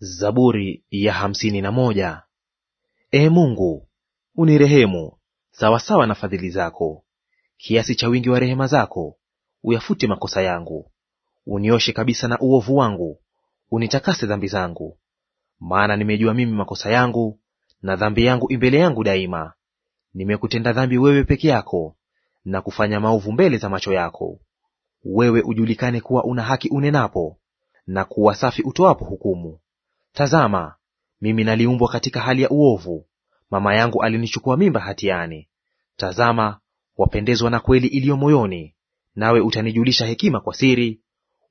Zaburi ya hamsini na moja. Ee Mungu, unirehemu sawasawa na fadhili zako, kiasi cha wingi wa rehema zako uyafute makosa yangu. Unioshe kabisa na uovu wangu, unitakase dhambi zangu. Maana nimejua mimi makosa yangu, na dhambi yangu imbele yangu daima. Nimekutenda dhambi wewe peke yako, na kufanya maovu mbele za macho yako. Wewe ujulikane kuwa una haki unenapo, na kuwa safi utoapo hukumu. Tazama, mimi naliumbwa katika hali ya uovu, mama yangu alinichukua mimba hatiani. Tazama, wapendezwa na kweli iliyo moyoni, nawe utanijulisha hekima kwa siri.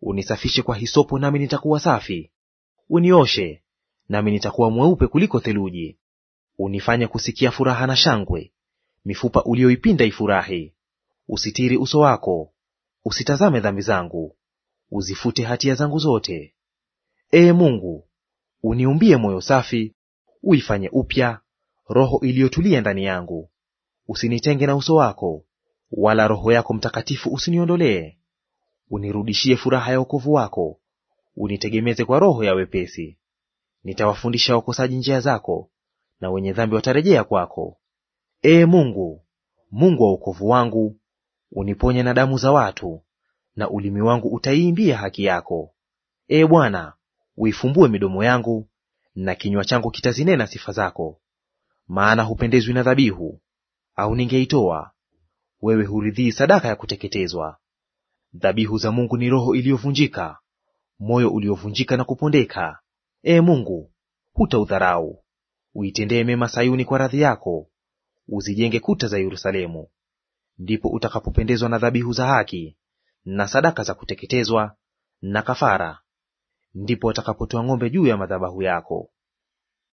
Unisafishe kwa hisopo, nami nitakuwa safi; unioshe, nami nitakuwa mweupe kuliko theluji. Unifanye kusikia furaha na shangwe, mifupa uliyoipinda ifurahi. Usitiri uso wako, usitazame dhambi zangu, uzifute hatia zangu zote. Ee Mungu, Uniumbie moyo safi, uifanye upya roho iliyotulia ndani yangu. Usinitenge na uso wako, wala Roho yako Mtakatifu usiniondolee. Unirudishie furaha ya wokovu wako, unitegemeze kwa roho ya wepesi. Nitawafundisha wakosaji njia zako, na wenye dhambi watarejea kwako. Ee Mungu, Mungu wa wokovu wangu, uniponye na damu za watu, na ulimi wangu utaiimbia haki yako. Ee Bwana, uifumbue midomo yangu, na kinywa changu kitazinena sifa zako. Maana hupendezwi na dhabihu, au ningeitoa; wewe huridhii sadaka ya kuteketezwa. Dhabihu za Mungu ni roho iliyovunjika, moyo uliovunjika na kupondeka. Ee Mungu, hutaudharau. Uitendee mema Sayuni kwa radhi yako, uzijenge kuta za Yerusalemu. Ndipo utakapopendezwa na dhabihu za haki na sadaka za kuteketezwa na kafara ndipo watakapotoa ng'ombe juu ya madhabahu yako.